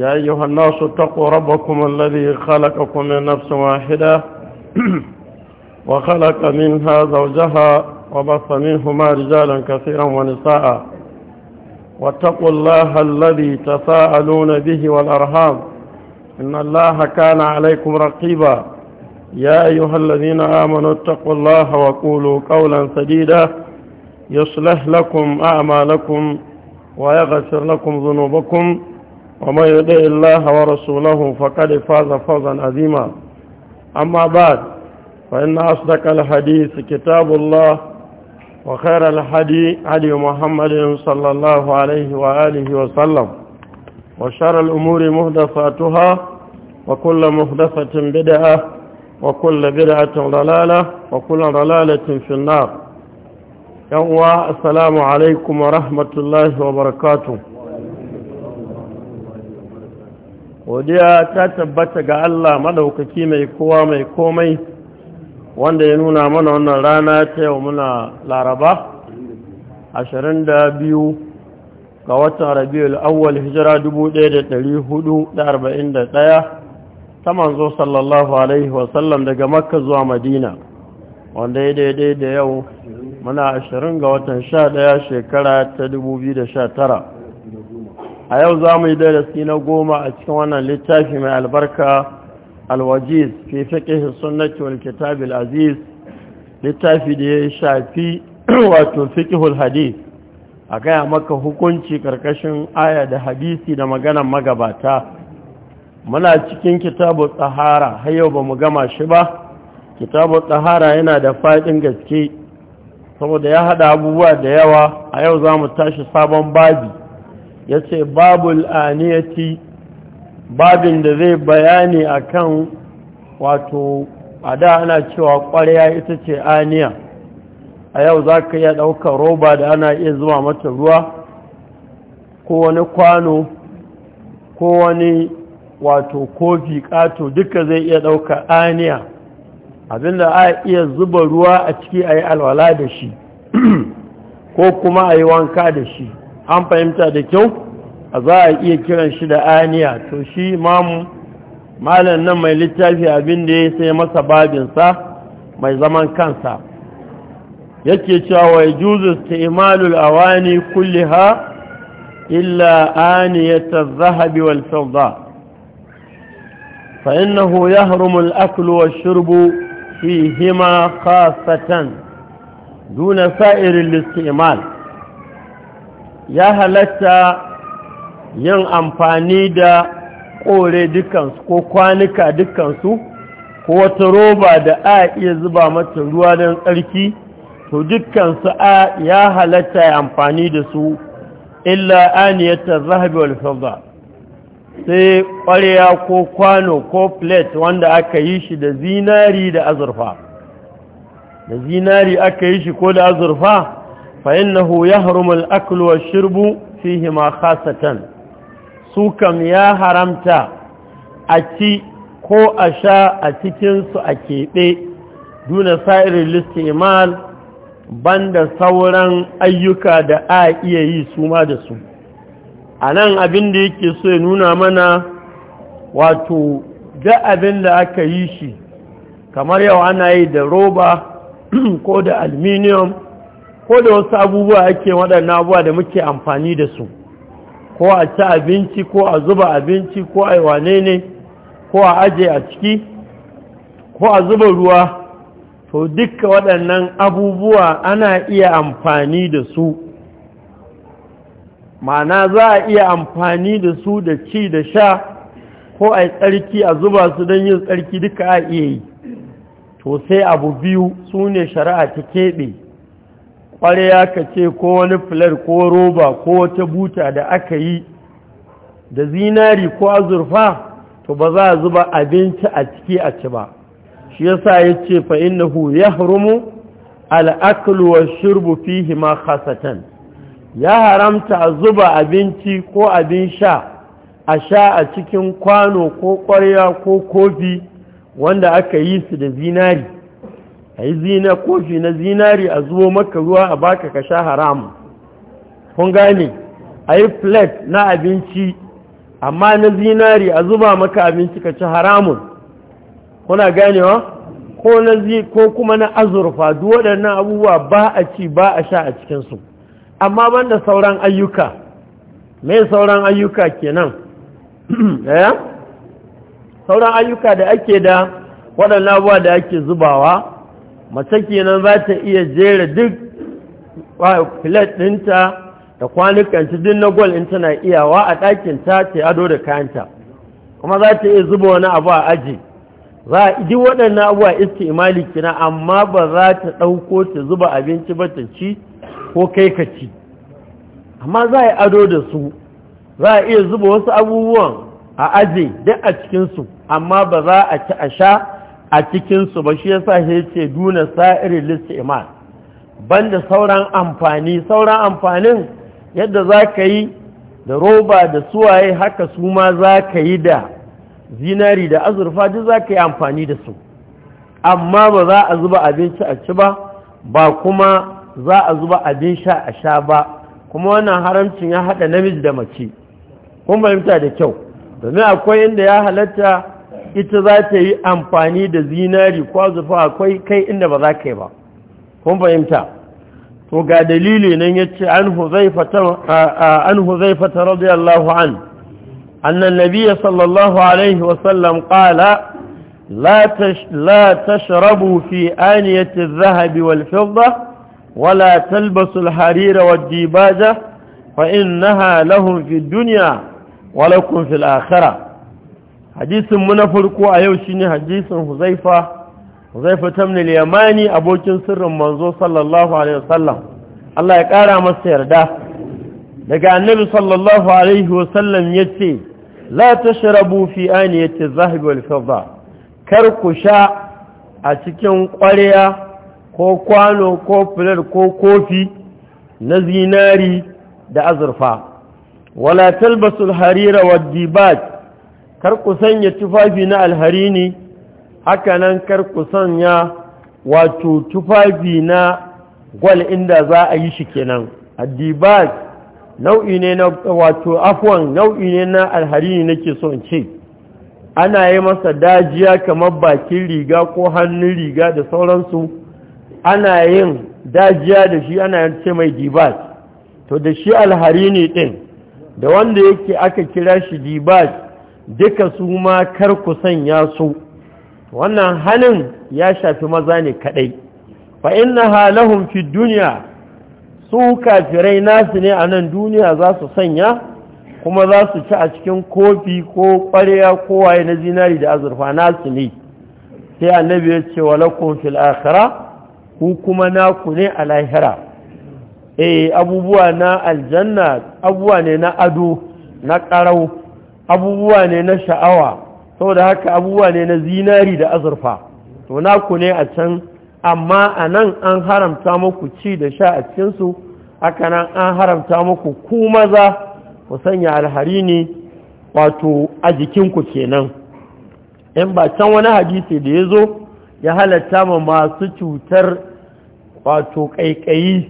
يا أيها الناس اتقوا ربكم الذي خلقكم من نفس واحدة وخلق منها زوجها وبص منهما رجالا كثيرا ونساء واتقوا الله الذي تساءلون به والأرهام إن الله كان عليكم رقيبا يا أيها الذين آمنوا اتقوا الله وقولوا قولا سديدا يصلح لكم أعمالكم ويغفر لكم ذنوبكم ومن يطع الله ورسوله فقد فاز فوزا عظيما أما بعد فإن أصدق الحديث كتاب الله وخير الحديث علي محمد صلى الله عليه وآله وسلم وشر الأمور مهدفاتها وكل مهدفة بدعة وكل بدعة ضلالة وكل ضلالة في النار يوم السلام عليكم ورحمة الله وبركاته godiya ta tabbata ga Allah madaukaki mai kowa mai komai wanda ya nuna mana wannan rana ta yau muna laraba 22 ga watan rabiul awwal hijira 1441 ta manzo sallallahu alaihi wasallam daga makka zuwa madina wanda ya daidai da yau muna 20 ga watan 11 shekara ta 2019 a yau za mu yi darasi na goma a cikin wannan littafi mai albarka alwajiz fi fiqh sunnati wal kitab al aziz littafi da ya shafi wato fiqh hadith a gaya maka hukunci ƙarƙashin aya da hadisi da maganan magabata muna cikin kitabu tsahara har yau ba mu gama shi ba kitabu tsahara yana da faɗin gaske saboda ya haɗa abubuwa da yawa a yau za mu tashi sabon babi ya ce babul aniyati babin da zai bayani kan wato a da ana cewa ƙwarya ita ce aniya a yau za ka iya ɗaukar roba da ana iya zuwa mata ruwa ko wani kwano ko wani wato kofi ƙato duka zai iya ɗauka aniya abinda a iya zuba ruwa a ciki a yi alwala da shi ko kuma a yi wanka da shi an fahimta da kyau a za a iya kiran shi da aniya to shi mamu malam nan mai littafi abin da ya sai masa babinsa mai zaman kansa yake cewa ya juzu istimalul awani kulliha illa aniyata zahabi wal fidda fa innahu yahrumu al aklu wash shurbu fihima khasatan duna sa'ir istimal ya halatta yin amfani da kore dukansu ko kwanuka dukansu ko wata roba da a iya zuba mata ruwa don tsarki to dukansu a ya halatta ya amfani da su illa aniyatar zahabi wal sai ƙwarya ko kwano ko plate wanda aka yi shi da zinari da azurfa da zinari aka yi shi ko da azurfa فإنه يهرم الأكل والشرب فيهما خاصة سوكم يا هرمتا أتي كو أشاء أتي أتكنس أكيبي دون سائر الاستعمال بند صورا أيكا دعا إيهي سوما دسو anan abin da yake so ya nuna mana wato da abin da aka yi shi kamar yau ana yi da roba ko da aluminium ko da wasu abubuwa ake waɗannan abubuwa da muke amfani da su ko a ci abinci ko a zuba abinci ko a wane ne ko a aje a ciki ko a zuba ruwa to duka waɗannan abubuwa ana iya amfani da su mana za a iya amfani da su da ci da sha ko a yi tsarki a zuba su don yin tsarki duka a iya yi to sai abu biyu su ne shari'a ta keɓe ƙwarya ka ce ko wani filar ko roba ko wata buta da aka yi da zinari ko azurfa to ba za a zuba abinci a ciki a ci ba shi yasa ya ce fa'innahu ya harumu al'akluwar shirbu fihi ma khasatan ya haramta a zuba abinci ko abin sha a sha a cikin kwano ko ƙwarya ko kofi wanda aka yi su da zinari ka yi zina kofi na zinari a zuwa maka ruwa a baka ka sha haramu kun gane a yi plate na abinci amma na zinari a zuba maka abinci ka ci haramun kuna ganewa ko na zi ko kuma na azurfa duk waɗannan abubuwa ba a ci ba a sha a cikinsu amma banda sauran ayyuka mai sauran ayyuka kenan nan? Eh? sauran ayyuka da ake da waɗannan abubuwa da ake zubawa mace kenan za ta iya jera duk filet ɗinta da kwanukanci duk na gwal in tana iyawa a ɗakinta ta ado da kayanta kuma za ta iya zuba wani abu a aji za a duk waɗannan abu a iske imali kina amma ba za ta ɗauko ta zuba abinci ba ta ci ko kai ka ci amma za a yi ado da su za a iya zuba wasu abubuwan a aji duk a cikinsu amma ba za a ci a sha a cikinsu ba shi ya sa shi ce duna sa'irin listi banda sauran amfani sauran amfanin yadda za ka yi da roba da suwaye haka su ma za ka yi da zinari da azurfa duk za ka yi amfani da su amma ba za a zuba abinci a ci ba ba kuma za a zuba abin sha a sha ba kuma wannan haramcin ya haɗa namiji da mace kuma fahimta da kyau domin akwai inda ya halatta ita za ta yi amfani da zinari kwazufa akwai kai inda ba za ka yi ba kun fahimta to ga dalili nan ya ce an fata radiyallahu an annan nabiya sallallahu alaihi wasallam kala la tashrabu fi aniyati zahabi wal fidda wala talbasu harira wad dibaja fa innaha lahum fi duniya wa lakum fil akhirah hadisin mu na farko a yau shine hadisin huzaifa huzaifa tamnil yamani abokin sirrin manzo sallallahu alaihi wasallam Allah ya kara masa yarda daga annabi sallallahu alaihi wasallam yace la tashrabu fi aniyati dhahab wal fidda kar ku sha a cikin ƙwarya ko kwano ko filar ko kofi na zinari da azurfa wala talbasul harira wad dibat kar ku sanya tufafi na alhari ne haka nan kar ku sanya wato tufafi na gwal inda za a yi shi kenan addibaj nau'i ne na wato afwan nau'i ne na alhari ne nake so in ce ana yi masa dajiya kamar bakin riga ko hannun riga da sauransu ana yin dajiya da shi ana yin ce mai dibaj to da shi alhari ne din da wanda yake aka kira shi dibaj duka su ma kar ku sanya su wannan halin ya shafi maza ne kadai fa inna halahum fi dunya su kafirai nasu ne a nan duniya za su sanya kuma za su ci a cikin kofi ko ƙwarya ko waye na zinari da azurfa nasu ne sai annabi ya ce wa lakum fil akhirah ku kuma naku ne a lahira eh abubuwa na aljanna abubuwa ne na ado na ƙarau abubuwa ne na sha'awa saboda haka abubuwa ne na zinari da azurfa to naku ne a can amma a nan an haramta muku ci da sha a cikinsu haka nan an haramta muku ku maza ku sanya alhari ne wato a jikinku kenan in ba can wani hadisi da ya zo ya halatta ma masu cutar wato ƙaiƙayi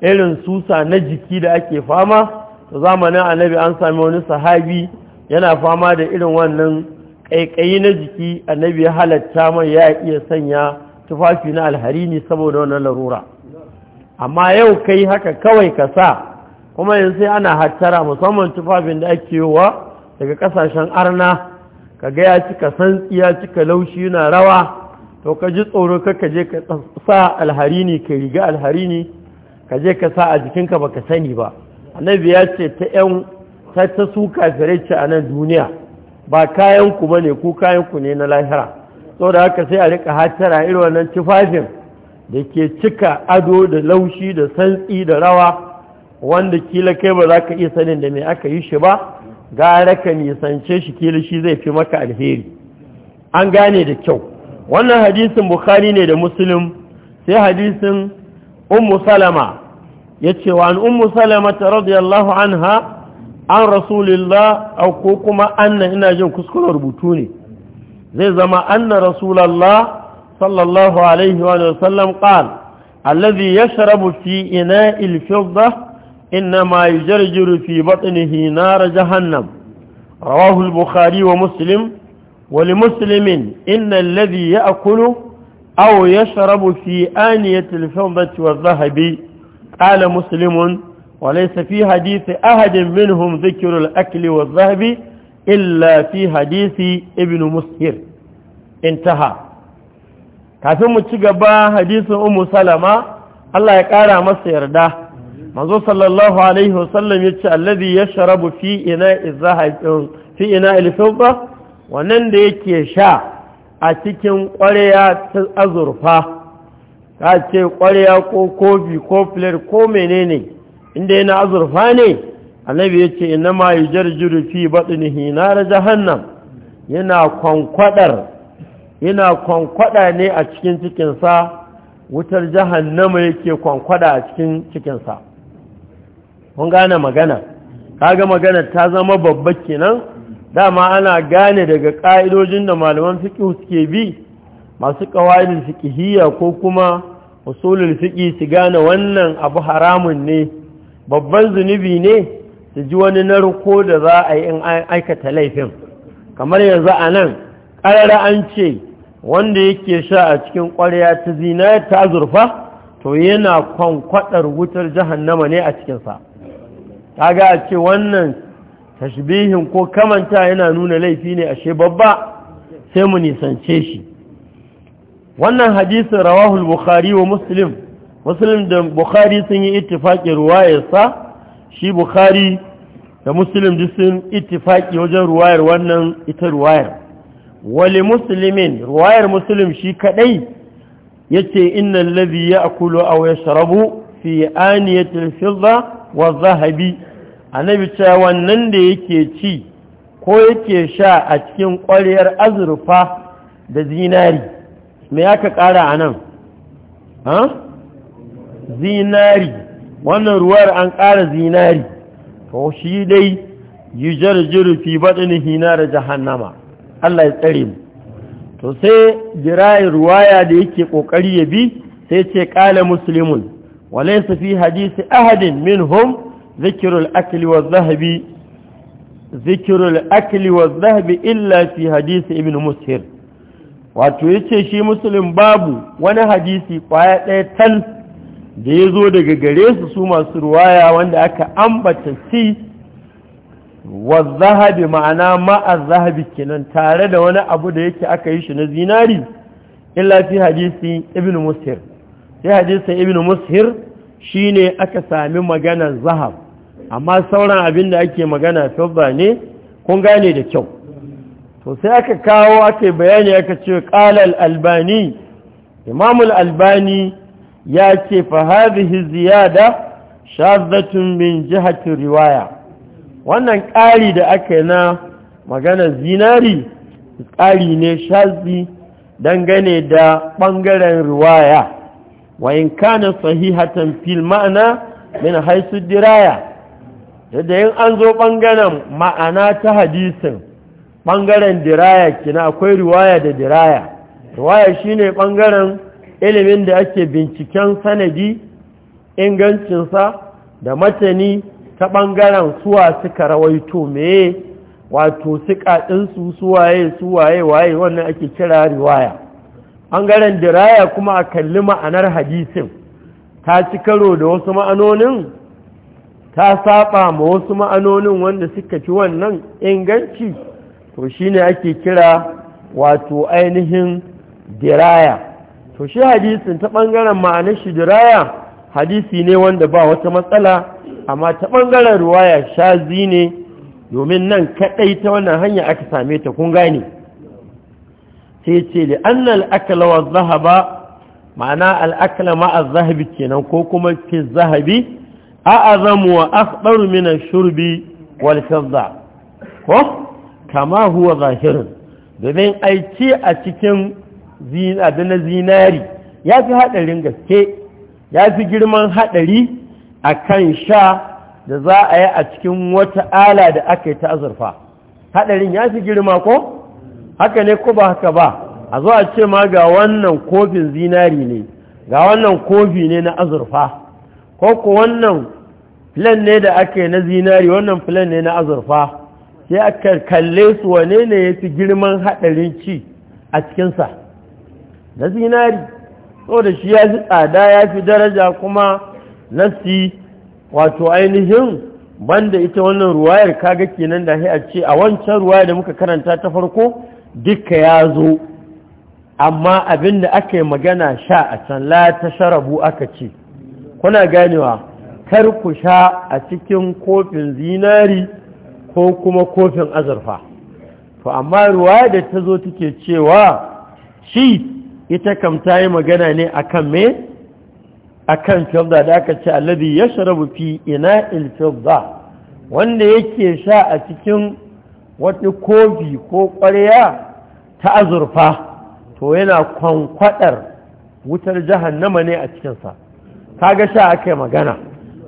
irin susa na jiki da ake fama zamanin annabi an sami wani sahabi yana fama da irin wannan ƙaiƙayi na jiki annabi ya halatta mai ya iya sanya tufafi na alharini saboda wannan larura amma yau kai haka kawai ka sa kuma yanzu sai ana hattara musamman tufafin da ake yiwuwa daga ƙasashen arna ka ga ya cika santsi ya cika laushi yana rawa to ka ji tsoro ka je ka sa alharini ka riga alharini ka je ka sa a jikinka baka sani ba annabi ya ce ta 'yan ta ta su kafirai ce a nan duniya ba kayanku ba ne ku kayanku ne na lahira sau da haka sai a rika hatara irin wannan tufafin da ke cika ado da laushi da santsi da rawa wanda kila kai ba za ka iya sanin da mai aka yi shi ba gara ka nisance shi kila shi zai fi maka alheri an gane da kyau wannan hadisin bukhari ne da muslim sai hadisin ummu salama ya ce wa an ummu salama ta radiyallahu anha an rasulillah au ko kuma annan ina jin kuskuren rubutu ne zai zama anna rasulallah sallallahu alaihi wa sallam qal alladhi yashrabu fi ina'il fidda inma yujarjiru fi batnihi nar jahannam rawahu al-bukhari wa muslim wa li muslimin inna Au ya'kulu aw yashrabu fi aniyati al-fiddati wadh-dhahabi qala muslimun وليس في حديث أحد منهم ذكر الأكل والذهب إلا في حديث ابن مسهر انتهى kafin mu ci gaba hadisin umu salama Allah ya ƙara masa yarda manzo sallallahu alaihi wasallam ya ce allazi yashrabu fi ina'i zahabin fi ina'i fidda wannan da yake sha a cikin ƙwarya ta azurfa ka ce ko kofi ko menene inda yana azurfa ne annabi ya ce ina ma yi jarjiru fi baɗinihi na da jahannam yana kwankwadar yana kwankwada ne a cikin cikinsa wutar jahannama yake kwankwaɗa a cikin cikinsa kun gane magana kaga magana ta zama babba kenan dama ana gane daga ƙa'idojin da malaman fiƙi suke bi masu ƙawailin fiƙihiyya ko kuma usulul fiƙi su gane wannan abu haramun ne babban zunubi ne su ji wani narko da za a yi in aikata laifin kamar yanzu a nan ƙarara an ce wanda yake sha a cikin ƙwarya ta zina ta zurfa to yana kwankwaɗar wutar jahannama ne a cikinsa ta ga a ce wannan tashbihin ko kamanta yana nuna laifi ne ashe babba sai mu nisance shi wannan hadisin rawahul bukhari wa muslim muslim da bukhari sun yi ittifaki ruwayarsa shi bukhari da muslim duk sun ittifaki wajen ruwayar wannan ita ruwayar wali muslimin ruwayar muslim shi kadai yace innal ladhi ya'kulu aw yashrabu fi al fidda wa zahabi annabi cewa wannan da yake ci ko yake sha a cikin ƙwariyar azurfa da zinari me aka ƙara anan? ha? zinari wannan ruwar an ƙara zinari to shi dai yi jarjiru fi baɗin hina da jahannama Allah ya tsare mu to sai jirayin ruwaya da yake ƙoƙari ya bi sai ce ƙala musulmin su fi hadisi ahadin min hum akli wa zahabi zikirul wa zahabi illa fi hadisi ibn mushir wato yace shi musulun babu wani hadisi kwaya ɗaya tal da ya zo daga gare su su masu ruwaya wanda aka ambata si wa zahabi ma'ana ma'a zahabi kenan tare da wani abu da yake aka yi shi na zinari illa fi hadisi ibn mushir sai hadisin ibn mushir shine aka sami magana zahab amma sauran abin da ake magana fidda ne kun gane da kyau to sai aka kawo aka bayani aka ce qala al-albani Imamul albani ya ce fa hadhihi ziyada shazatun min jihati riwaya wannan ƙari da aka yi na magana zinari ƙari ne shazi dangane da ɓangaren riwaya wa in kana sahihatan fil ma'ana min haisu diraya yadda yin an zo ɓangaren ma'ana ta hadisin ɓangaren diraya kina akwai riwaya da diraya riwaya shine ɓangaren ilimin da ake binciken sanadi ingancinsa da matani ta ɓangaren suwa suka rawaito meye wato sukaɗinsu suwaye suwaye waye wannan ake kira riwaya ɓangaren diraya kuma a kalli ma'anar hadisin ta ci karo da wasu ma'anonin ta saba ma wasu ma'anonin wanda suka ci wannan inganci to shine ake kira wato ainihin diraya to shi hadisin ta ɓangaren ma'anar shi diraya hadisi ne wanda ba wata matsala amma ta ɓangaren ruwaya shazi ne domin nan kaɗai ta wannan hanya aka same ta kun gane sai ce da annal akala zahaba ma'ana al'akala ma'a zahabi kenan ko kuma fi zahabi a azamu wa akhbaru min ash-shurbi wal ko kama huwa zahirin domin aiki a cikin da na zinari ya fi haɗarin gaske ya fi girman haɗari a kan sha da za a yi a cikin wata ala da aka yi ta azurfa haɗarin ya fi girma ko haka ne ko ba haka ba a zo a ce ma ga wannan kofin zinari ne ga wannan kofi ne na azurfa ko ku wannan filan ne da aka yi na zinari wannan filan ne na azurfa sai aka kalle su wane ne ya fi girman haɗarin ci a cikinsa na zinari da shi ya fi tsada ya fi daraja kuma nasi wato ainihin banda ita wannan ruwayar kaga kenan da a ce a wancan ruwaya da muka karanta ta farko duka ya zo amma abin da aka yi magana sha a can la ta sharabu aka ce kuna ganewa kar ku sha a cikin kofin zinari ko kuma kofin azurfa to amma ruwaya da ta zo take cewa shi ita kam ta yi magana ne akan me akan fidda da aka ce alladhi yashrabu fi ina'il fidda wanda yake sha a cikin wata kofi ko ƙwarya ta azurfa to yana kwankwadar wutar jahannama ne a cikinsa kaga sha aka magana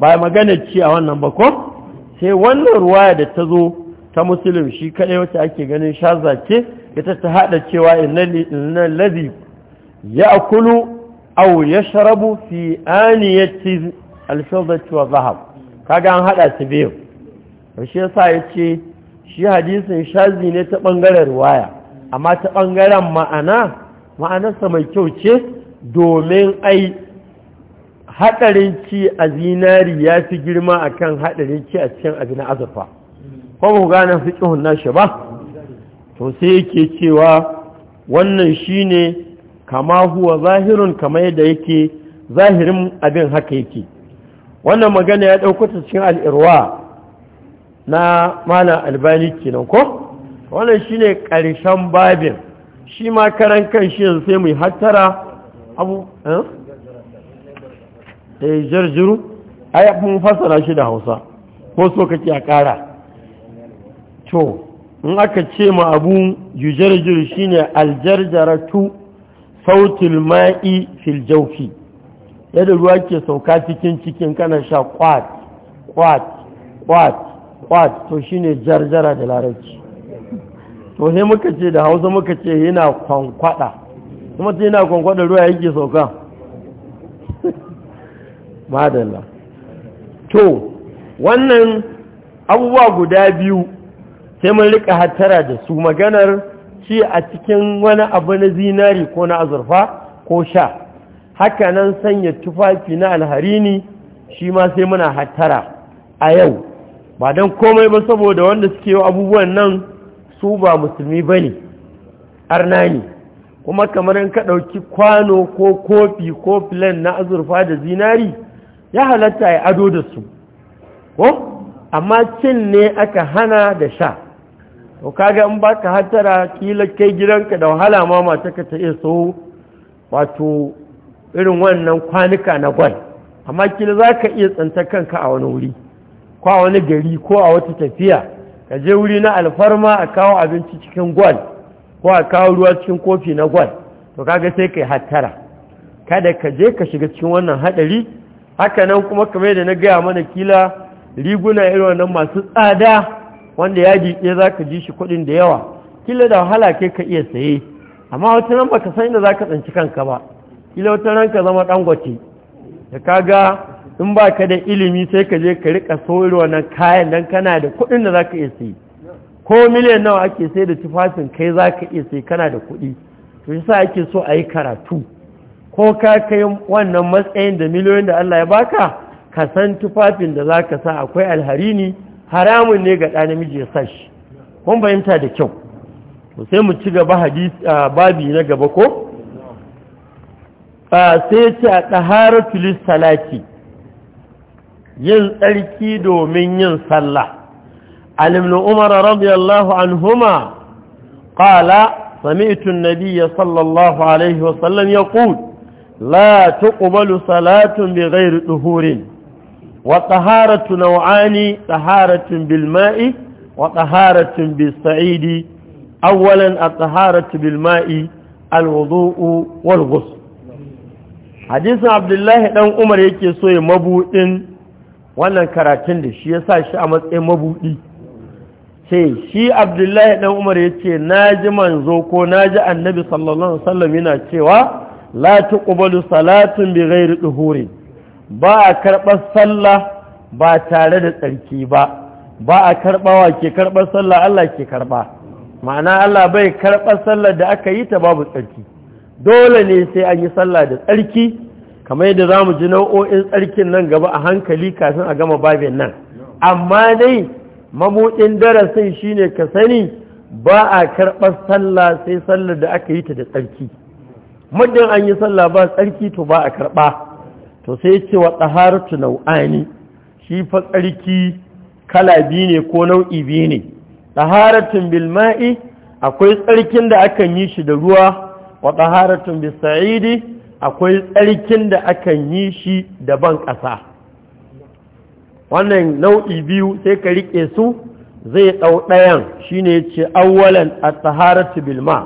ba magana ce a wannan ba ko sai wannan ruwaya da ta zo ta musulun shi kaɗai wacce ake ganin shaza ce ita ta haɗa cewa inna lazi يأكل أو يشرب في آنية الفضة والذهب كان هذا biyu shi yasa ya ce shi hadisin shazi ne ta ɓangaren waya, amma ta ɓangaren ma'ana ma'anarsa mai kyau ce domin ai haɗarin ci a zinari ya fi girma akan kan haɗarin ci a cikin abin azurfa kuma ku gane fi nashi ba to sai yake cewa wannan shi ne kama huwa zahirun kama yadda yake zahirin abin haka yake wannan magana ya ɗaukata cikin al'irwa na mana albani kenan ko wannan shine ƙarshen babin shi ma karan kan shi yanzu sai mu hattara abu eh, eh jarjuru ai mun fasara shi da Hausa ko so kake a ƙara to in aka ce ma abu jujarjiru shine aljarjaratu sautil ma'i fil jawfi yadda ruwa ke sauka cikin cikin kana sha kwat kwat kwat kwat to shine jarjara da larabci to sai muka ce da hausa muka ce yana kwankwada kuma sai yana kwankwada ruwa yake sauka madalla to wannan abubuwa guda biyu sai mun rika hattara da su maganar ci a cikin wani abu na zinari ko na azurfa ko sha haka nan sanya tufafi na alharini shi ma sai muna hattara a yau ba don komai ba saboda wanda suke yi abubuwan nan su ba musulmi ba ne arna ne kuma kamar in ka ɗauki kwano ko kofi ko filan na azurfa da zinari ya halatta ya ado da su ko amma cin ne aka hana da sha to kaga in ba ka hatara kila kai gidanka da wahala ma ta iya so wato irin wannan kwanuka na gwal amma kila za ka iya tsanta kanka a wani wuri ko a wani gari ko a wata tafiya ka je wuri na alfarma a kawo abinci cikin gwal ko a kawo ruwa cikin kofi na gwal to kaga sai kai hattara kada ka je ka shiga cikin wannan hadari haka nan kuma kamar da na gaya mana kila riguna irin wannan masu tsada wanda yaji ɗaya za ka ji shi kuɗin da yawa kila da wahala ke ka iya saye amma wata nan baka san inda za ka tsanci kanka ba kila wata nan ka zama dangote da ka ga in ba ka da ilimi sai ka je ka riƙa soyar wannan kayan don kana da kuɗin da za ka iya saye ko miliyan nawa ake sai da tufafin kai za ka iya saye kana da kuɗi to yasa ake so a yi karatu ko ka kai wannan matsayin da miliyoyin da Allah ya baka ka san tufafin da za ka sa akwai alharini haramun ne ga ɗa namiji ya sashi kun fahimta da kyau to sai mu ci gaba babi na gaba ko sai ta ce a salati yin tsarki domin yin sallah alimna umar radiyallahu anhuma qala sami'tu an-nabiyya sallallahu alaihi wasallam yaqul la tuqbalu salatun bighayri duhurin wa taharatu nau'ani taharatun bil ma'i wa taharatun bis sa'idi awwalan at-taharatu bil ma'i al-wudu'u wal ghusl hadisin abdullahi dan umar yake so ya mabudin wannan karatun da shi ya sa shi a matsayin mabudi ce shi abdullahi dan umar ya ce na ji manzo ko na ji annabi sallallahu alaihi wasallam yana cewa la tuqbalu salatun bi ghairi ba a karɓar sallah ba tare da tsarki ba ba a karɓawa ke karɓar sallah Allah ke karɓa ma'ana Allah bai karɓar sallah da aka yi ta babu tsarki dole ne sai an yi sallah da tsarki kamar yadda za mu ji nau'o'in tsarkin nan gaba a hankali kafin a gama babin nan amma dai mabuɗin darasin shine ka sani ba a karɓar sallah sai sallar da aka yi ta da tsarki muddin an yi sallah ba tsarki to ba a karɓa to sai ce wa tsaharatu nau'ani shi fa tsarki kala biyu ne ko nau'i biyu ne tsaharatun bilma'i akwai tsarkin da akan yi shi da ruwa wa tsaharatun bisa'idi akwai tsarkin da akan yi shi da ban ƙasa wannan nau'i biyu sai ka riƙe su zai ɗau ɗayan shi ne ce awwalan a tsaharatu bilma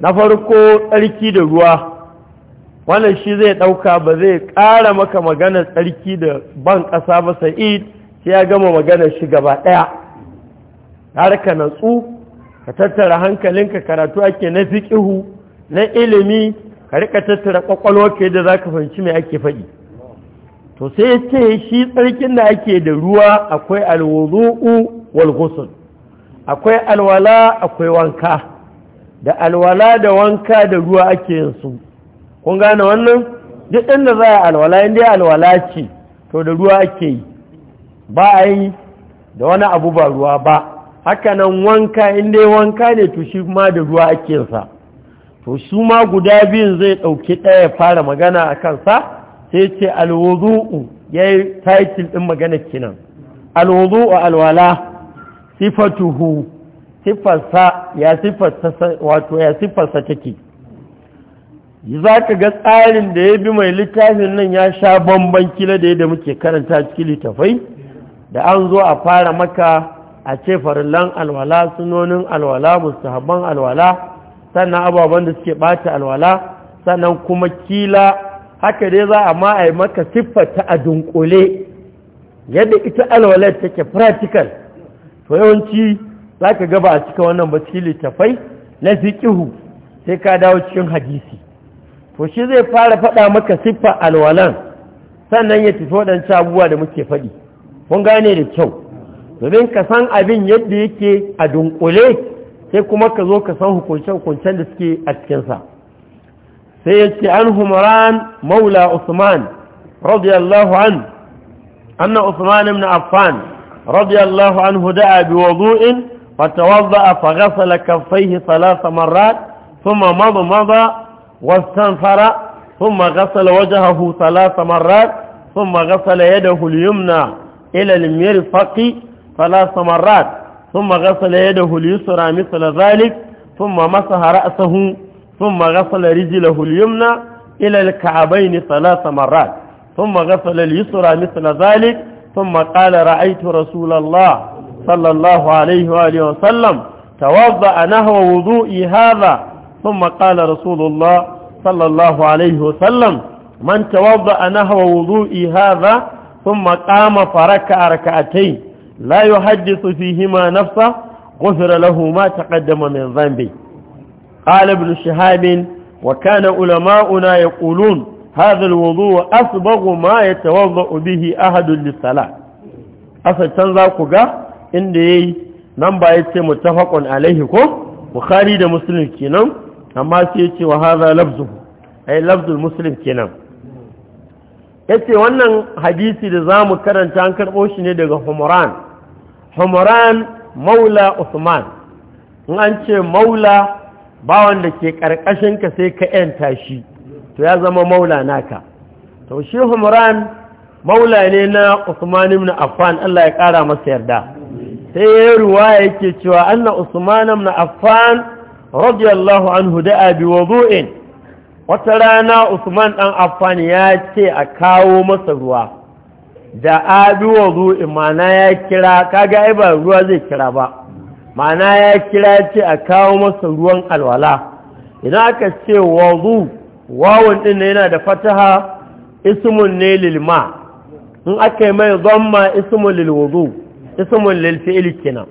na farko tsarki da ruwa wannan shi zai ɗauka ba zai ƙara maka magana tsarki da ban ƙasa ba sa'id sai ya gama magana shi gaba ɗaya har ka natsu ka tattara hankalinka karatu ake na fiƙihu na ilimi ka rika tattara ƙwaƙwalwa ka da za ka fahimci mai ake faɗi to sai ya ce shi tsarkin da ake da ruwa akwai alwuzu'u wal ghusl akwai alwala akwai wanka da alwala da wanka da ruwa ake yin su kun gane wannan duk inda za a alwala inda ya alwala ce to da ruwa ake yi ba a yi da wani abu ba ruwa ba hakanan wanka inda ya wanka ne to shi ma da ruwa ake sa to su ma guda biyun zai ɗauki ɗaya fara magana a kansa sai ce alwudu'u ya yi taitil ɗin magana kinan alwudu'u alwala sifatuhu sifarsa ya sifarsa wato ya sifarsa take za ka ga tsarin da ya bi mai littafin nan ya sha bamban kila da yadda muke karanta cikin littafai da an zo a fara maka a ce farillan alwala sunonin alwala mustahabban alwala sannan ababen da suke bata alwala sannan kuma kila haka dai za a ma a maka siffata a dunkule yadda ita ta take practical to yawanci za ka gaba a cika wannan ba cikin littafai na zikihu sai ka dawo cikin hadisi to shi zai fara faɗa maka siffa alwalan sannan ya tafi waɗancan abubuwa da muke faɗi kun gane da kyau domin ka san abin yadda yake a dunkule sai kuma ka zo ka san hukunce-hukuncen da suke a cikinsa sai ya ce an maula usman radiyallahu an anna usman ibn affan radiyallahu an huda'a bi wudu'in fa tawadda'a fa ghasala kaffayhi thalath marrat thumma madmada واستنفر ثم غسل وجهه ثلاث مرات ثم غسل يده اليمنى إلى المرفق ثلاث مرات ثم غسل يده اليسرى مثل ذلك ثم مسح رأسه ثم غسل رجله اليمنى إلى الكعبين ثلاث مرات ثم غسل اليسرى مثل ذلك ثم قال رأيت رسول الله صلى الله عليه وآله وسلم توضأ نهو وضوئي هذا ثم قال رسول الله صلى الله عليه وسلم من توضأ نحو وضوئي هذا ثم قام فركع ركعتين لا يحدث فيهما نفسه غفر له ما تقدم من ذنبه قال ابن شهاب وكان علماؤنا يقولون هذا الوضوء أسبغ ما يتوضأ به أحد للصلاة أصل تنزاق إن دي نمبر يتم متفق عليه كم بخاري ده مسلم كينام amma sai ya ce wa haza lafzu ai lafzul muslim kenan ya ce wannan hadisi da za mu karanta an karɓo shi ne daga humran humran maula usman in an ce maula ba wanda ke ka sai ka ‘yanta shi to ya zama maula naka to shi humran maula ne na usman ibn affan Allah ya kara masa yarda sai ya yi ruwa yake cewa anna usman ibn affan radiyallahu anhu da'a bi wudu'in wata rana Usman ɗan Affan ya ce a kawo masa ruwa da abi wudu'in mana ya kira kaga ai ba ruwa zai kira ba Ma'ana ya kira ce a kawo masa ruwan alwala Ina aka ce wudu wawun din yana da fataha ismun ne lil ma in aka yi mai zamma ismun lil ismun lil fi'il kenan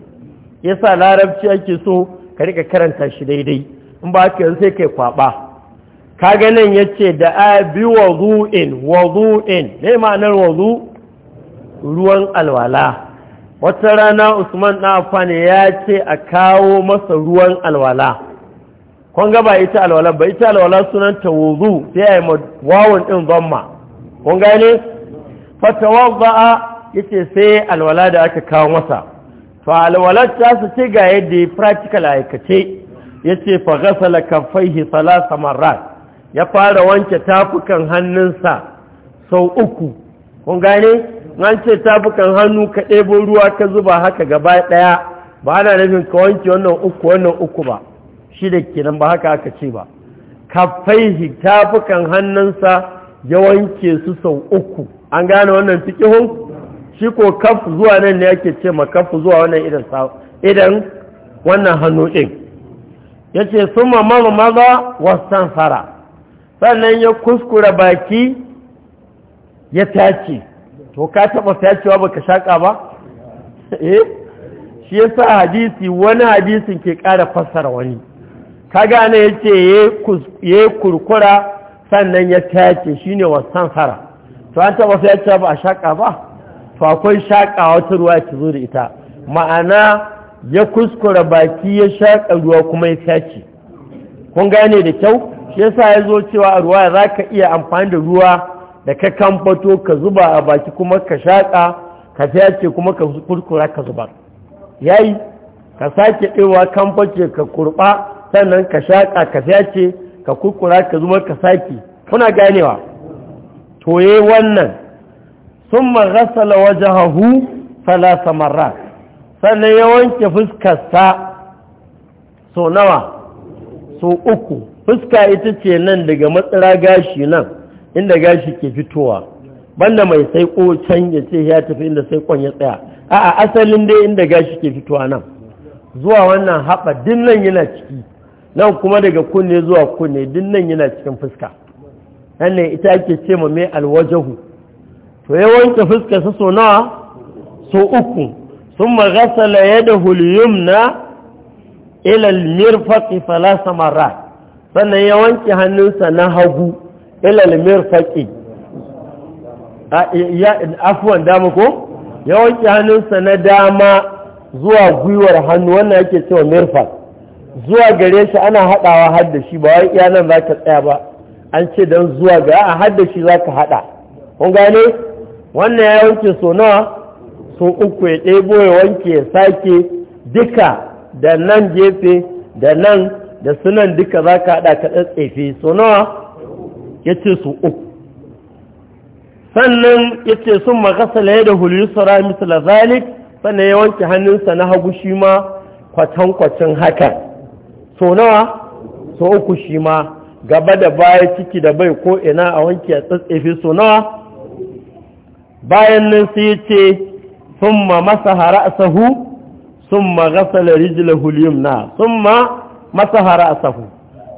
yasa larabci ake so ka rika karanta shi daidai in ba ka yanzu sai kai kwaba ka ganin ya ce da a bi wazu'in wazu'in ne ma'anar ruwan alwala wata rana usman na afani ya ce a kawo masa ruwan alwala kun ba ita alwala ba ita alwala sunan ta wuzu sai a yi wawon ɗin zamma kun gane fatawa ba a yace sai alwala da aka kawo masa falwalar ta su ce ga yadda ya practical aikace ya ce fagasala kafai hisala samarra, ya fara wanke tafukan hannunsa sau uku kun gane an ce tafukan hannu ka ɗebo ruwa ka zuba haka gaba ɗaya ba na nufin ka wanke wannan uku wannan uku ba shi da kenan ba haka aka ce ba Kafai tafukan hannunsa ya wanke su sau uku an gane wannan fikihun shi ko kaf zuwa nan ne yake ce ma kaf zuwa wannan idan idan wannan hannu din ya ce sun maza wasan fara sannan ya kuskura baki ya tace to ka taɓa tacewa baka shaƙa ba eh shi ya sa hadisi wani hadisin ke ƙara fassara wani ka gane ya ce ya kurkura sannan ya tace shi ne wasan fara to an taɓa tacewa ba a shaƙa ba fakon shaƙa wata ruwa ta zo da ita ma'ana ya kuskura baki ya shaƙa ruwa kuma ya tace kun gane da kyau shi yasa ya zo cewa a ruwa za ka iya amfani da ruwa da ka kamfato ka zuba a baki kuma ka shaƙa ka tace kuma ka kuskura ka zubar yayi ka sake ɗewa kamface ka kurɓa sannan ka shaƙa ka tace ka kuskura ka zuba, ka sake kuna ganewa to wannan thumma ghassala wajhahu thalatha marrat sannan ya wanke fuskarsa so nawa so uku fuska ita ce nan daga matsira gashi nan inda gashi ke fitowa banda mai sai can ya ce ya tafi inda sai ya tsaya a asalin dai inda gashi ke fitowa nan zuwa wannan haɓa dinnan yana ciki nan kuma daga kunne zuwa kunne dinnan yana cikin fuska nan ne ita ake ce ma mai alwajahu to ya wanke fuskarsa so nawa so uku sun magasala ya da huliyum na ilal mirfaƙi falasa mara sannan ya wanke hannunsa na hagu ilal mirfaƙi afuwan dama ko ya wanke hannunsa na dama zuwa gwiwar hannu wannan yake cewa mirfa zuwa gare shi ana haɗawa hadda shi ba wai iya nan za ka tsaya ba an ce don zuwa ga a hadda shi za ka haɗa wannan ya wanke so nawa so uku ya ɗebo ya wanke ya sake duka da nan gefe da nan da sunan duka za ka haɗa ka tsatsefe so nawa ya ce so uku sannan ya ce sun makasala ya da hulusura misala zalik sannan ya wanke hannunsa na hagu shi ma kwacan-kwacan haka so nawa so uku shi ma gaba da baya ciki da bai ko ina a wanke a tsatsefe so nawa bayan nan sai ya ce sun ma masa a sahu, sun ma gasala rijila huliyum na sun ma masa a sahu.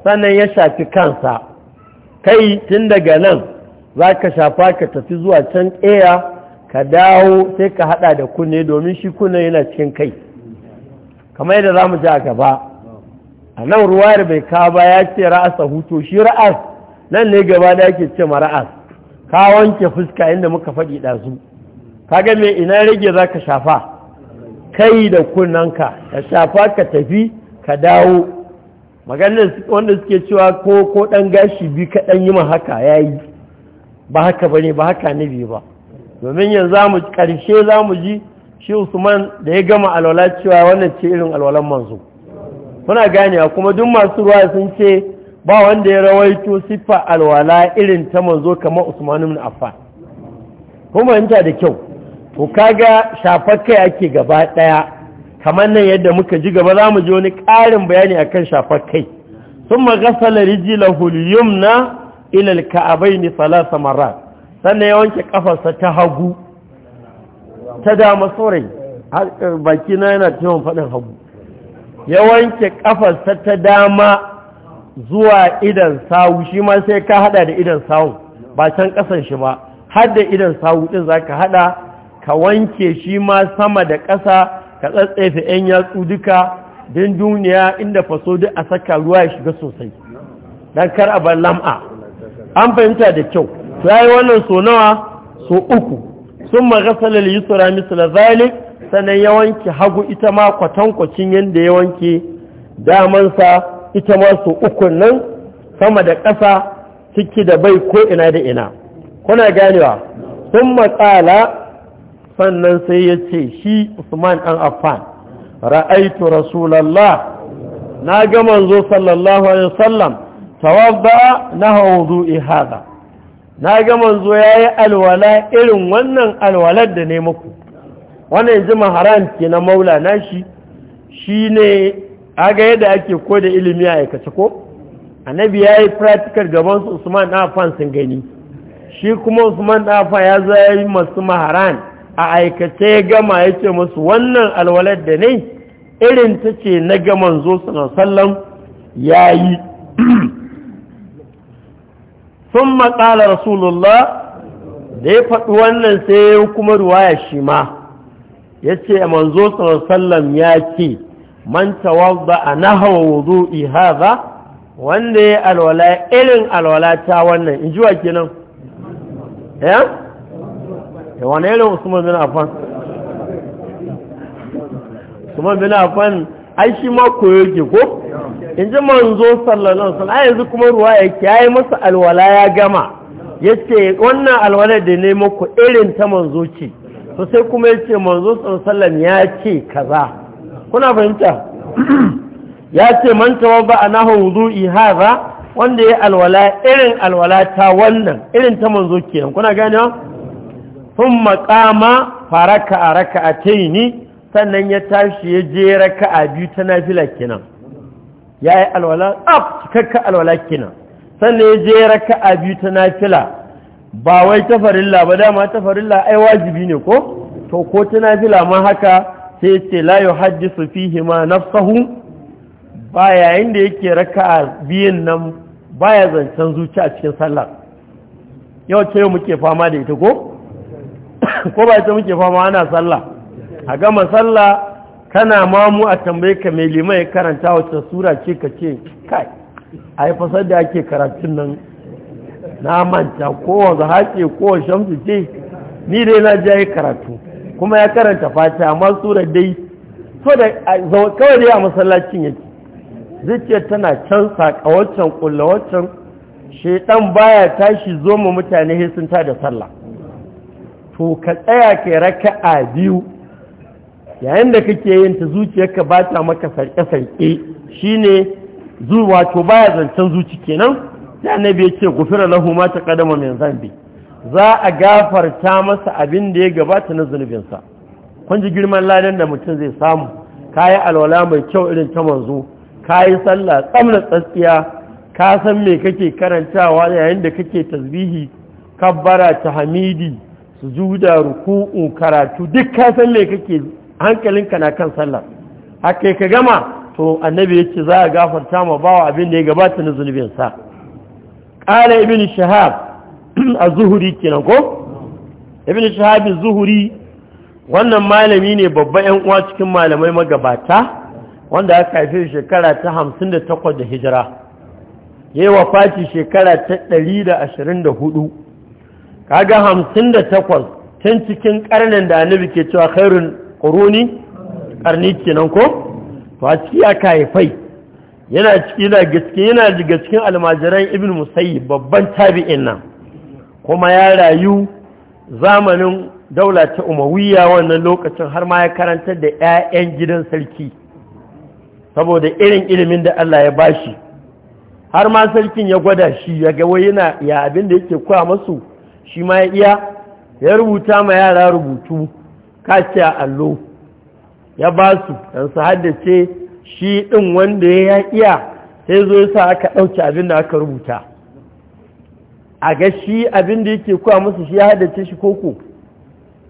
sannan ya shafi kansa kai tun daga nan za ka shafa ka tafi zuwa can ɗaya ka dawo sai ka hada da kunne domin shi kunne yana cikin kai kamar yadda za mu ji a gaba a nan ruwayar bai ka ba ya ce ra'asa hutu shi ra'as nan ne gaba da yake ce ma ra'as ka wanke fuska inda muka faɗi ɗazu ka ga mai ina rage za ka shafa kai da kunanka ka shafa ka tafi ka dawo maganar wanda suke cewa ko ko ɗan gashi bi ka ɗan yi ma haka ya yi ba haka ba ne ba haka ne biyu ba domin yanzu za mu ƙarshe za mu ji shi usman da ya gama alwala cewa wannan ce irin alwalan manzo muna ganewa kuma duk masu ruwa sun ce ba wanda ya rawaito siffa alwala irin ta manzo kamar Usman ibn Affan kuma yanta da kyau to kaga shafakkai ake gaba daya kamar nan yadda muka ji gaba zamu ji wani ƙarin bayani akan shafar kai thumma ghasala rijlahu al-yumna ila al-ka'bayn thalath marrat sannan ya wanke kafarsa ta hagu ta dama saurayi eh, baki na yana cewa faɗin hagu ya wanke kafarsa ta dama zuwa idan sawu shi ma sai ka hada da idan sawu ba can kasan shi ba har da idan sawu din zaka hada ka wanke shi ma sama da ƙasa ka tsatsefe 'yan yatsu duka don duniya inda faso duk a saka ruwa ya shiga sosai Dan kar a bar lam'a an fahimta da kyau to yayi wannan so nawa so uku sun magasala li yusra misla zalik sannan ya wanke hagu ita ma kwatankwacin yadda ya wanke damansa ita ma su ukun nan sama da ƙasa ciki da bai ko ina da ina kuna ganewa sun matsala sannan sai ya ce shi usman an Afan. ra'aitu rasulallah na ga manzo sallallahu alaihi wasallam tawadda nahu wudu'i hada na ga manzo yi alwala irin wannan alwalar da ne muku wannan yanzu maharan ke na maula shi shine aga yadda ake ko da ilimi a aikace ko annabi ya yi practical gaban su usman ɗafan sun gani shi kuma usman ɗafa ya zai yi masu maharan a aikace ya gama ya ce masu wannan alwalar da ne irin ta ce na gaman zo suna sallam ya yi sun matsala rasulullah da ya faɗi wannan sai ya kuma ruwaya shi ma ya ce manzo sallam ya ce man tawadda nahwa wudu'i hadha wanda ya alwala irin alwala ta wannan in jiwa kenan eh eh wani irin Usman bin Affan Usman bin Affan ai shi ma koyo ke ko in ji manzo sallallahu alaihi wasallam yanzu kuma ruwa ya yayi masa alwala ya gama yace wannan alwala da ne muku irin ta manzo ce to sai kuma yace manzo sallallahu alaihi wasallam ya ce kaza kuna fahimta ya ce man tawabba a nahon wuzu'i haza wanda ya alwala irin alwala ta wannan irin ta manzo kenan kuna gane sun makama faraka a raka a taini sannan ya tashi ya je raka a biyu ta nafila kenan ya yi alwala af cikakka alwala kenan sannan ya je raka a biyu ta nafila ba wai ta farilla ba dama ta farilla ai wajibi ne ko to ko ta nafila ma haka sai ce la fi hima na sahu ba yayin da yake a biyan nan ba ya zancen zuciya a cikin sallar yau ce muke fama da ita ko ko ba ita muke fama ana sallah a gama sallah kana mamu a tambaye ka mai liman ya karanta wacce sura ce ka ce kai a yi fasar da ake karatun nan na manta ko haƙe kowa shamsu ce ni dai na ja karatu kuma ya karanta fata amma surar dai so da kawai dai a masallacin yake zuciyar tana can saka waccan ƙulla waccan shedan baya tashi zo mu mutane sai da sallah to ka tsaya kai raka'a biyu yayin da kake yin ta zuciyarka ba ta maka sarƙe-sarƙe shine zuwa to baya zancen zuci kenan ya annabi ya ce gufira lahu ma kadama min zambi za a gafarta masa abin da ya gabata na zunubinsa kun ji girman ladan da mutum zai samu kayi alwala mai kyau irin ta manzo kayi sallah tsamna tsatsiya ka san me kake karantawa yayin da kake tasbihi kabbara ta hamidi sujuda ruku'u karatu duk ka san me kake hankalinka na kan sallah haka ka gama to annabi yace za a gafarta ma bawa abin da ya gabata na zunubinsa qala ibn shahab A zuhuri kenan ko ibn shahab az wannan malami ne babban yan uwa cikin malamai magabata wanda aka haife shekara ta 58 da hijira yayi wafati shekara ta 124 kaga 58 tun cikin karnin da annabi ke cewa khairun quruni karni kenan ko to a ciki aka haifai yana ciki da yana almajiran ibn musayyib babban tabi'in nan kuma ya rayu zamanin daula ta umawiya wannan lokacin har ma ya karantar da 'ya'yan gidan sarki saboda irin ilimin da Allah ya bashi har ma sarkin ya gwada shi ya ga yana ya abin da yake kwa masu shi ma ya iya ya rubuta ma yara rubutu kaciya allo ya ba su don su haddace shi ɗin wanda ya iya sai zo yasa aka ɗauki abin da aka rubuta a ga shi abin da yake kuwa musu shi ya haddace shi koko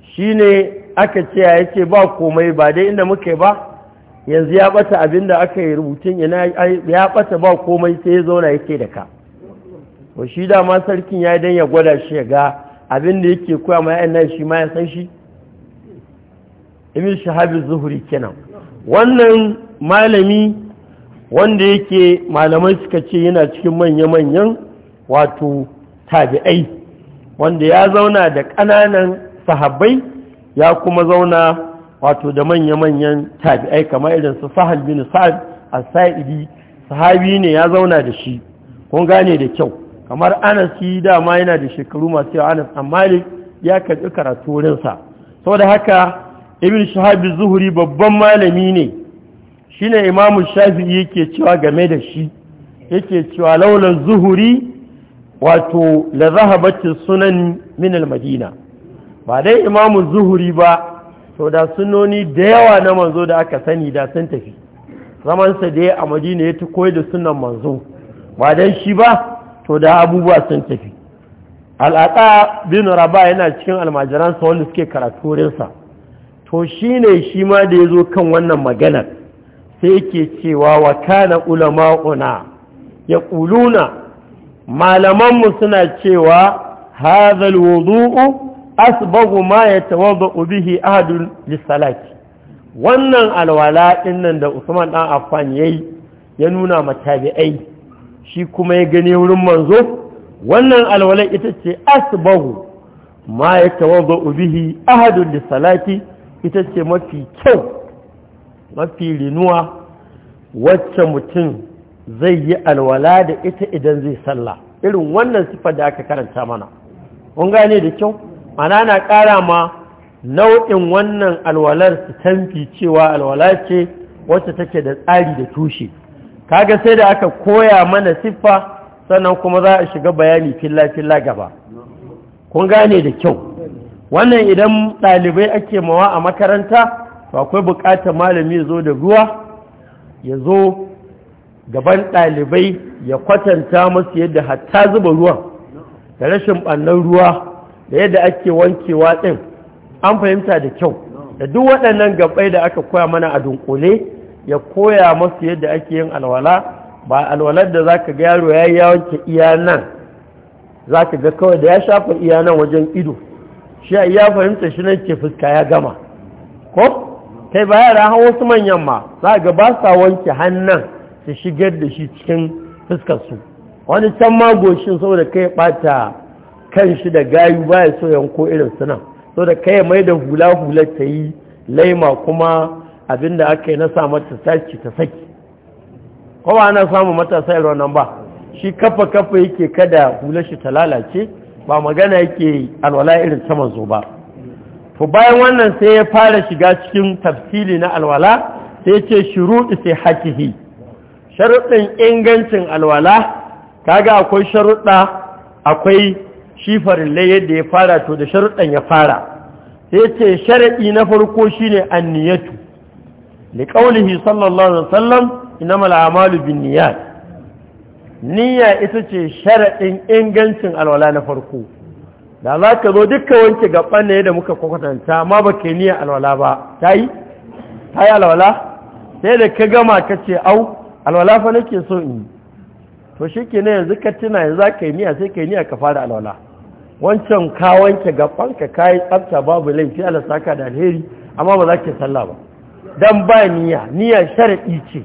shi ne aka ce ya ce ba komai ba dai inda muka ba yanzu ya bata abin da aka yi rubutun ya bata ba komai sai ya zauna yake da ka ba shi dama sarkin ya yi don ya gwada shi ga abin da yake kuwa ma ya'yan nan shi ma ya san shi imin shahabi zuhuri kenan wannan malami wanda yake malamai suka ce yana cikin manya-manyan wato tabi'ai wanda ya zauna da ƙananan sahabbai ya kuma zauna wato da manya-manyan tabi'ai kamar irin su sahal bin sa'ad al saidi sahabi ne ya zauna da shi kun gane da kyau kamar Anas yi dama yana da shekaru masu yawa Anas amma ya karɓi karatu wurinsa saboda haka ibn shahabi zuhuri babban malami ne shine imamu shafi'i yake cewa game da shi yake cewa laulan zuhuri wato la zahabati sunan min al ba dai imamu zuhuri ba to da sunoni da yawa na manzo da aka sani da sun tafi zamansa da ya a madina ya tukoi da sunan manzo ba dan shi ba to da abubuwa sun tafi al'aqa bin raba yana cikin almajiransa wanda suke karatu wurinsa to shine shi ma da ya zo kan wannan maganar sai yake cewa wa kana ulama'una ya ƙuluna malamanmu suna cewa hazal wudu'u asbagu ma yatawaddau bihi ahadun lisalati wannan alwala nan da Usman dan Affan yayi ya nuna matabi'ai shi kuma ya gane wurin manzo wannan alwala ita ce asbagu ma yatawaddau bihi ahadun lisalati ita ce mafi kyau mafi rinuwa wacce mutum zai yi alwala da ita idan zai sallah irin wannan sifar da aka karanta mana kun gane da kyau Mana na ƙara ma nau'in wannan alwalar su tamfi cewa alwala ce wacce take da tsari da tushe kaga sai da aka koya mana siffa sannan kuma za a shiga bayani filla-filla gaba kun gane da kyau wannan idan ɗalibai ake mawa a makaranta to akwai buƙatar malami ya zo da ruwa ya zo gaban ɗalibai ya kwatanta musu yadda hatta zuba ruwan da rashin ɓannan ruwa da yadda ake wankewa ɗin an fahimta da kyau da duk waɗannan gabai da aka koya mana a dunkule ya koya masu yadda ake yin alwala ba alwalar da za ka ga yaro ya yi yawanke iya nan za ka ga kawai da ya shafa iya nan wajen ido shi ya fahimta shi nan ke fuska ya gama ko kai ba yara hawa wasu manyan ma za ga ba sa wanke hannun su shigar da shi cikin fuskarsu wani can magoshin saboda kai bata kan shi da gayu baya so yanko irin suna saboda kai mai da hula hula ta yi laima kuma abin da aka yi na sa mata sarki ta saki kowa ana samun matasa irin wannan ba shi kafa kafa yake kada hular shi ta lalace ba magana yake alwala irin saman zo ba to bayan wannan sai ya fara shiga cikin tafsili na alwala sai ce shuruɗi sai hakihi sharuɗin ingancin alwala kaga akwai sharuɗa akwai shi farillai yadda ya fara to da sharuɗan ya fara sai ce sharaɗi na farko shine anniyatu da ƙaunihi sallallahu alaihi wasallam mal'amalu bin binniyat niyya ita ce sharaɗin ingancin alwala na farko da za ka zo dukkan wanke gaban ne da muka kwakwatanta ma ba ke niyya alwala ba ta ta yi alwala sai da ka gama ka ce au alwala fa nake so in to ke yanzu ka tuna yanzu za ka yi niyya sai ka yi niyya ka fara alwala wancan ka wanke gaban ka kayi tsafta babu laifi Allah saka da alheri amma ba za ka sallah ba dan ba niyya niyya sharadi ce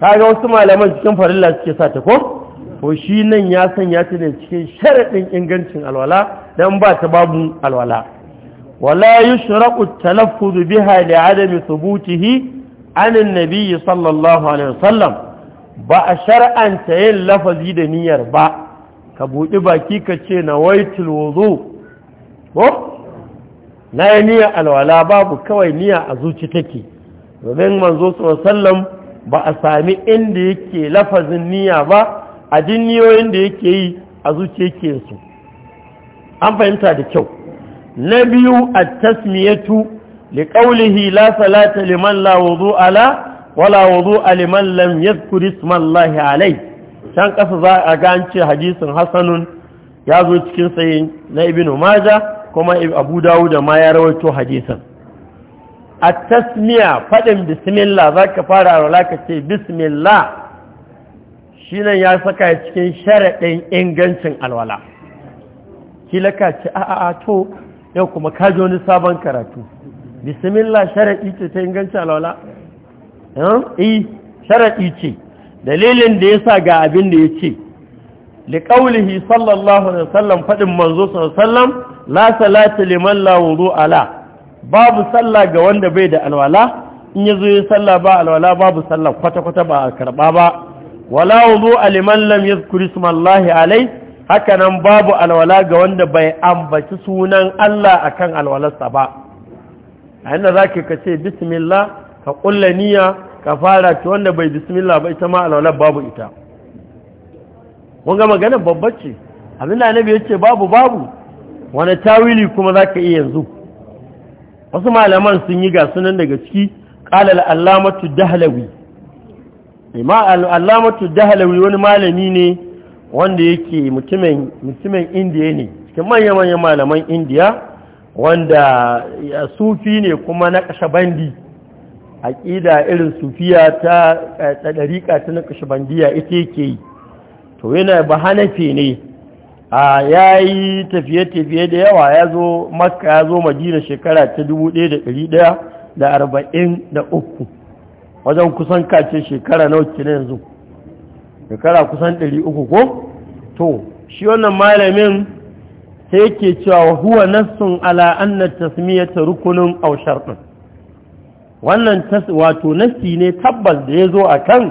Ka ga wasu malaman cikin farilla suke sa ta ko to shi nan ya sanya ta ne cikin sharadin ingancin alwala dan ba ta babu alwala wala yushraqu at-talaffuz biha li'adami thubutihi anin nabiyyi sallallahu alaihi wasallam ba a shar'anta yin lafazi da niyyar ba ka buɗi baki ka ce na waitul wudu ko na yi niyyar alwala babu kawai niyya a zuci take domin manzo sallam ba a sami inda yake lafazin niyya ba a jinniyoyin da yake yi a zuci yake su an fahimta da kyau na biyu a tasmiyatu liqaulihi la salata liman la wudu'a la wala wudu'a liman lam yadhkur ismallahi alai can kasa za a ga an ce hadisin ya zo cikin sayin na ibnu maja kuma abu dawud ma ya rawaito hadisin a tasmiya faɗin bismillah za ka fara a rola ka ce bismillah shi ya saka cikin sharaɗin ingancin alwala kila ka ce a a to yau kuma kaji wani sabon karatu bismillah sharaɗi ce ta inganci alwala eh sharaɗi ce dalilin da ya sa ga abin da ya ce liƙaulihi sallallahu alaihi wasallam faɗin manzo sallallahu la salata liman la wudu ala babu sallah ga wanda bai da alwala in yazo ya salla ba alwala babu sallah kwata kwata ba a karba ba wala wudu liman lam yadhkur ismallahi alai haka nan babu alwala ga wanda bai ambaci sunan Allah akan alwalarsa ba a yadda za ka ce bismillah ka ƙulla niyya ka fara ci wanda bai bismillah ba ita ma babu ita wanga maganar babbar ce abinda na ya ce babu babu wani tawili kuma za ka iya yanzu wasu malaman sun yi ga sunan daga ciki ƙalal allamatu dahlawi ma dahalawi wani malami ne wanda yake mutumin indiya ne cikin manya-manyan malaman indiya wanda sufi ne kuma na kashabandi aƙida irin sufiya ta eh, ɗariƙa ta na kashabandiya ita yake yi to yana ba hanafi ne a ya yi tafiye-tafiye da yawa ya zo makka ya zo majina shekara ta 1143 wajen kusan kace shekara na wakilin yanzu shekara kusan 300 ko to shi wannan malamin sai yake cewa huwa nassun ala anna tasmiyata rukunin aw shartun wannan wato nassi ne tabbas da yazo akan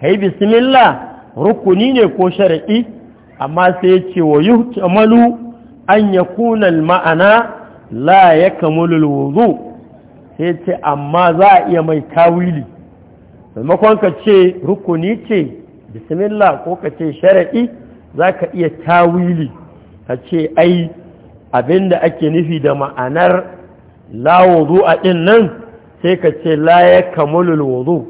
kai bismillah rukuni ne ko shar'i amma sai yake wa yuhtamalu an yakuna al-ma'ana la yakmulu al-wudu sai ce amma za a iya mai tawili maimakon ka ce rukuni ce bismillah ko ka ce shara'i za ka iya tawili ka ce ai abin abinda ake nufi da ma'anar la wudu a ɗin nan sai ka ce la kamulul wudu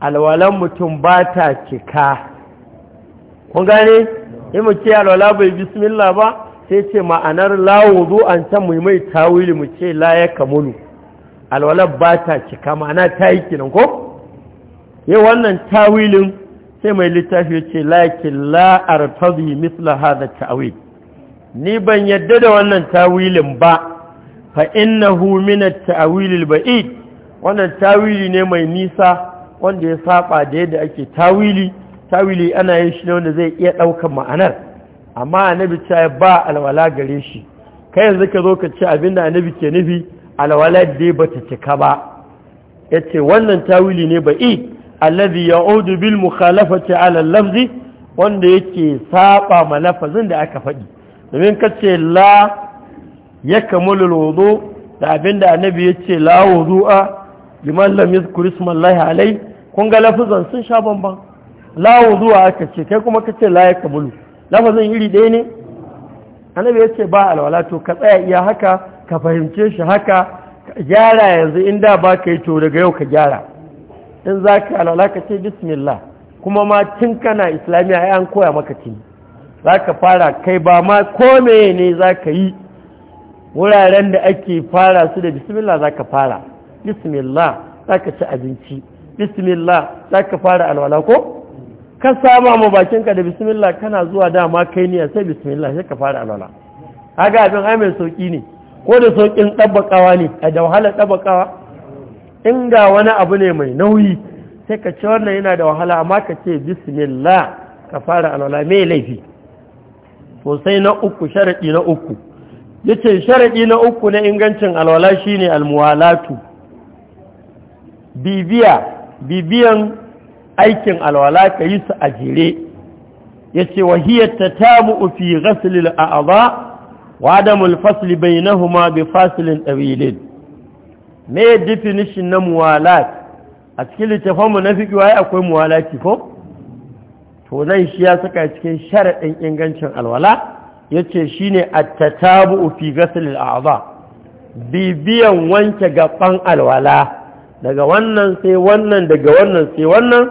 alwalan mutum ba ta cika kun gane in mu ce alwala bai bismillah ba sai ce ma'anar la wudu an can mu mai tawili mu ce la kamulu alwalan ba ta cika ma'ana ta yi kinan ko yi wannan tawilin sai mai littafi ya ce lakin la artazi misla hada ta'awil ni ban yadda da wannan tawilin ba fa innahu min at-ta'wilil ba'id wannan tawili ne mai nisa wanda ya saba da yadda ake tawili tawili ana yin shi ne wanda zai iya daukar ma'anar amma annabi ta ba alwala gare shi kai yanzu ka zo ka ce abinda annabi ke nufi alwala dai ta cika ba yace wannan tawili ne ba'i alladhi ya'udu bil mukhalafati ala al-lafzi wanda yake saba ma lafazin da aka faɗi domin kace la ya kamulu wudu da abinda annabi ya ce la wudu'a liman lam yadhkur ismallahi alai kun ga lafazan sun sha bamban la wudu'a aka ce kai kuma kace la ya kamulu lafazan iri ɗaya ne annabi ya ce ba alwala to ka tsaya iya haka ka fahimce shi haka gyara yanzu inda ba ka yi to daga yau ka gyara in za ka alwala ka ce bismillah kuma ma tun kana islamiyya ya an koya maka tini za ka fara kai ba ma kome ne za ka yi wuraren da ake fara su da bismillah za ka fara bismillah za ka ci abinci bismillah za ka fara alwala ko ka sama ma bakinka da bismillah kana zuwa dama kai ne sai bismillah sai ka fara alwala haka abin ai mai sauki ne ko da saukin tabbakawa ne a da wahalar tabbakawa in ga wani abu ne mai nauyi sai ka ce wannan yana da wahala amma ka ce bismillah ka fara alwala mai laifi sosai na uku sharaɗi na uku Yace ce sharaɗi na uku na ingancin alwala shine almuwalatu bibiya bibiyan aikin alwala ka yi su a jere ya ce wahiyar ta tamu fi ghasilil a'aba wa adamul fasli bainahuma bi fasilin ɗawilin me definition na muwalat a cikin littafanmu na fi waye akwai muwalati ko to nan shi ya saka cikin sharaɗin ingancin alwala ya ce shi ne a tattabu fi gasilin a'aba bibiyan wanke gaban alwala daga wannan sai wannan daga wannan sai wannan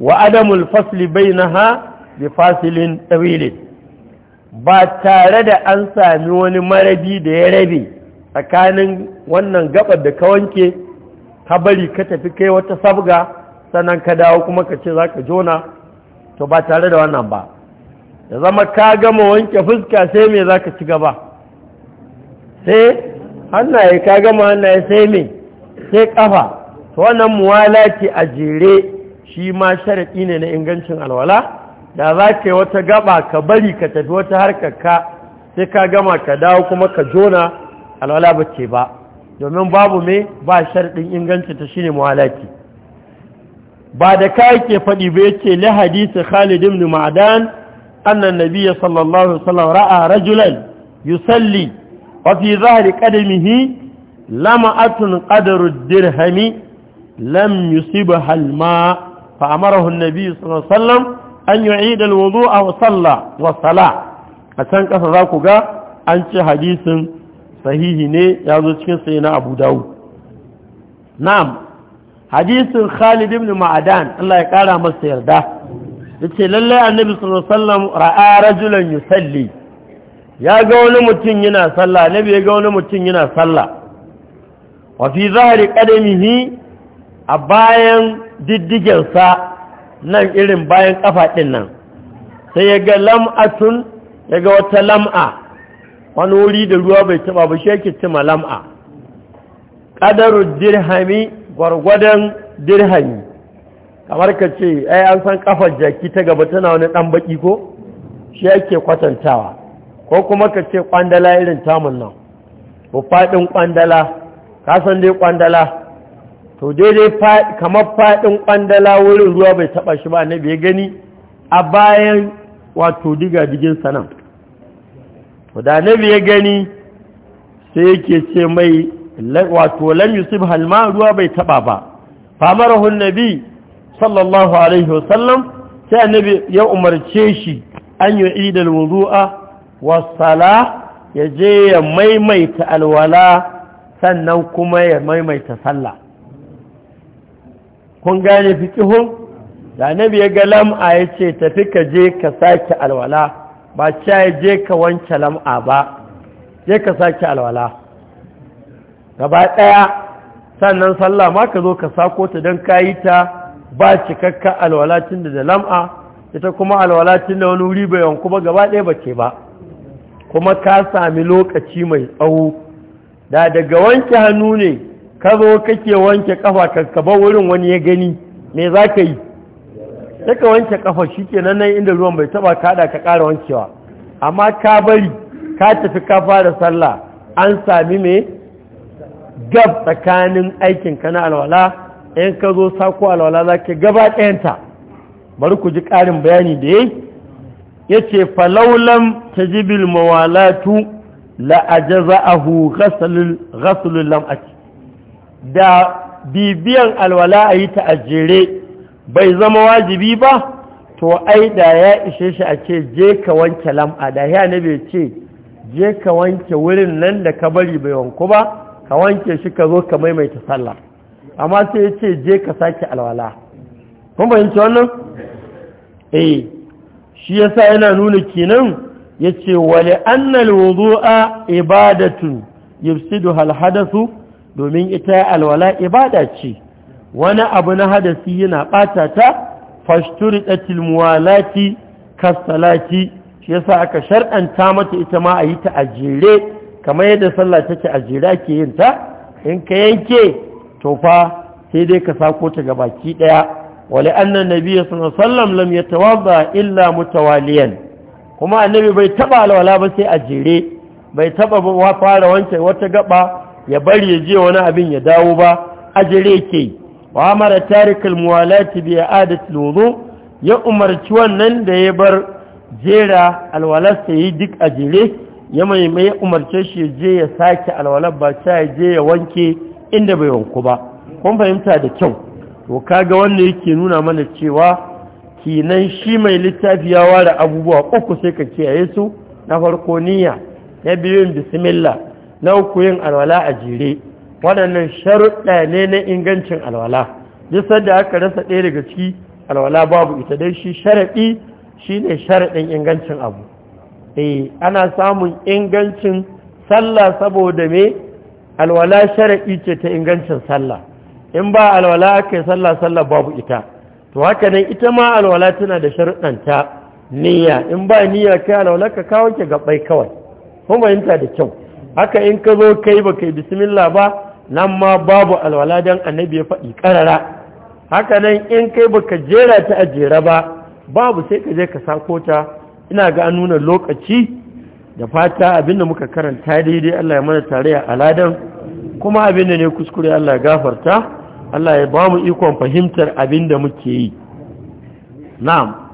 wa adamul fasli bai na ha bi fasilin tsawilin ba tare da an sami wani marabi da ya rabe tsakanin wannan gabar da ka wanke ka bari ka tafi kai wata sabga sannan ka dawo kuma ka ce za ka jona to ba tare da wannan ba ya zama ka gama wanke fuska sai me za ka ci gaba sai hannaye ka gama hannaye sai me sai kafa to wannan muwala ce a jere shi ma sharaɗi ne na ingancin alwala da za ka yi wata gaba ka bari ka tafi wata harkar ka sai ka gama ka dawo kuma ka jona alwala ba ce ba domin babu me ba sharaɗin inganci ta shine muwala ce ba da ka yake faɗi ba yace li hadisi Khalid ibn Ma'dan Annan nabiyya sallallahu alaihi wasallam ra'a rajulan yusalli wa fi dhahri qadamihi lam'atun qadru dirhami lam yusibha al-ma fa amarahu an-nabiy sallallahu alaihi wasallam an yu'ida al-wudu'a wa salla wa sala a can kasa za ku ga an ce hadisin sahihi ne ya zo cikin sayi abu dawud na'am hadisin Khalid ibn Ma'adan Allah ya kara masa yarda yace lalle annabi sallallahu alaihi wasallam ra'a rajulan yusalli ya ga wani mutum yana sallah nabi ya ga wani mutum yana sallah wa fi zahri qadamihi a bayan sa nan irin bayan kafa din nan sai ya ga lam'atun ya ga wata lam'a wani wuri da ruwa bai taba ba shi yake cima lam'a qadaru dirhami gwargwadon dirhami kamar ka ce ai an san kafar jaki ta gaba tana wani ɗan baki ko shi ake kwatantawa ko kuma ka ce kwandala irin tamun nan ko faɗin kwandala ka san dai kwandala to daidai kamar faɗin kwandala wurin ruwa bai taɓa shi ba na bai gani a bayan wato diga digin sanan to da na bai gani sai yake ce mai wato lam yusib halma ruwa bai taba ba famarahu nabi sallallahu alaihi wasallam sai annabi ya umarce shi an yi idal wudu'a wasala ya je ya maimaita alwala sannan kuma ya maimaita sallah kun gane fikihun da Nabi ya ga lam'a ya ce tafi ka je ka sake alwala ba ce je ka wance lam'a ba je ka sake alwala gaba ɗaya sannan sallah ma ka zo ka sako ta don kayi ta ba cikakka alwalacin da da lam'a ita kuma alwalacin da wani wuri bai yanku ba gaba ɗaya ba ce ba kuma ka sami lokaci mai tsawo da daga wanke hannu ne ka zo kake wanke kafa kaskaba wurin wani ya gani me za ka yi daga wanke kafa shi ke nan inda ruwan bai taba kaɗa ka ƙara wankewa amma ka bari ka tafi ka fara sallah an sami mai gab tsakanin aikin ka na alwala in ka zo sako alwala za ka gaba ɗayanta bari ku ji ƙarin bayani da yayi yace ta jibil mawalatu la a ghaslul ghaslul lam'ati da bibiyan alwala a yi ta ajere bai zama wajibi ba to ai da ya ishe shi a ce je ka wanke lam'a da ya nabe ce je ka wanke wurin nan da ka bari bai wanku ba ka wanke shi ka zo ka maimaita sallah amma sai ya ce je ka sake alwala kun fahimci wannan eh shi yasa yana nuna kenan yace wali annal wudu'a ibadatu yufsidu hal hadathu domin ita alwala ibada ce wani abu na hadasi yana bata ta fashturidatil muwalati kasalati shi yasa aka shar'anta mata ita ma a yi ta jere kamar yadda sallah take a jira ke yin ta in ka yanke to fa sai dai ka sako ta gabaki daya wale annan nabiyyu sallallahu alaihi wasallam lam yatawadda illa mutawaliyan kuma annabi bai taba alwala ba sai a jere bai taba wa fara wanke wata gaba ya bari ya je wani abin ya dawo ba a jere ke wa amara tarikul muwalati bi i'adati wudu ya umarci wannan da ya bar jera alwalarsa yi duk a jere ya mai mai umarce shi je ya sake alwalar ba ta je ya wanke inda bai wanku ba kun fahimta da kyau to kaga wanda yake nuna mana cewa kinan shi mai littafi ya ware abubuwa uku sai ka kiyaye su na farko niyya na biyu yin bismillah na uku yin alwala a jere waɗannan sharuɗa ne na ingancin alwala duk sanda aka rasa ɗaya daga ciki alwala babu ita dai shi sharaɗi shine sharaɗin ingancin abu eh ana samun ingancin sallah saboda me alwala shar'i ce ta ingancin sallah in ba alwala aka sallah sallah babu ita to haka nan ita ma alwala tana da sharuɗanta niyya in ba niyya kai alwala ka kawo ki gabai kawai kun bayanta da kyau haka in ka zo kai ba kai bismillah ba nan ma babu alwala dan annabi ya faɗi karara haka nan in kai baka jera ta a jera ba babu sai ka je ka sako ta ina ga nuna lokaci da fata abinda muka karanta daidai Allah ya mana tarayya aladan kuma abinda ne kuskure Allah ya gafarta Allah ya ba mu ikon fahimtar abinda muke yi na'am